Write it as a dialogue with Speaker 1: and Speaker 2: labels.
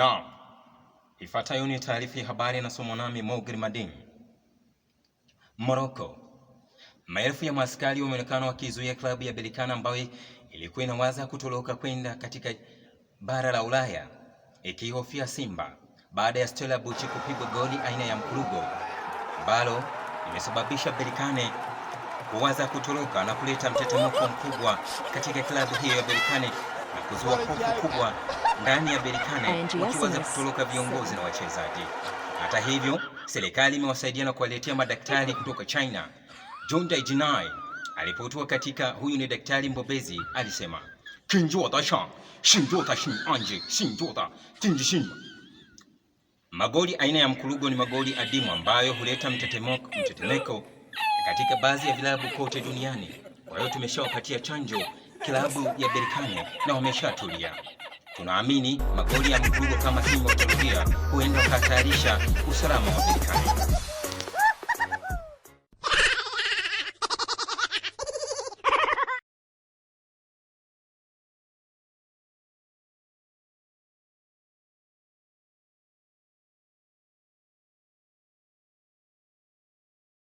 Speaker 1: Naam, ifuatayo ni taarifa ya habari inasomwa nami Mogri Madin. Morocco. Maelfu ya maaskari wameonekana wakizuia klabu ya Berkane ambayo ilikuwa inawaza kutoroka kwenda katika bara la Ulaya ikihofia Simba baada ya Stella Buchi kupigwa goli aina ya mkurugo ambalo imesababisha Berkane kuwaza kutoroka na kuleta mtetemeko mkubwa katika klabu hiyo ya Berkane kuzua hofu kubwa ndani ya Berkane wakiweza kutoroka viongozi na wachezaji. Hata hivyo, serikali imewasaidia na kuwaletea madaktari kutoka China. John Daijinai alipotua katika, huyu ni daktari mbobezi, alisema kinjotasha shinjota Magoli aina ya mkurugo ni magoli adimu ambayo huleta mtetemeko katika baadhi ya vilabu kote duniani. Kwa hiyo tumeshawapatia chanjo klabu ya Berkane na wameshatulia. Tunaamini magoli ya mvugo kama hii huenda ukahatarisha usalama wa Berkane.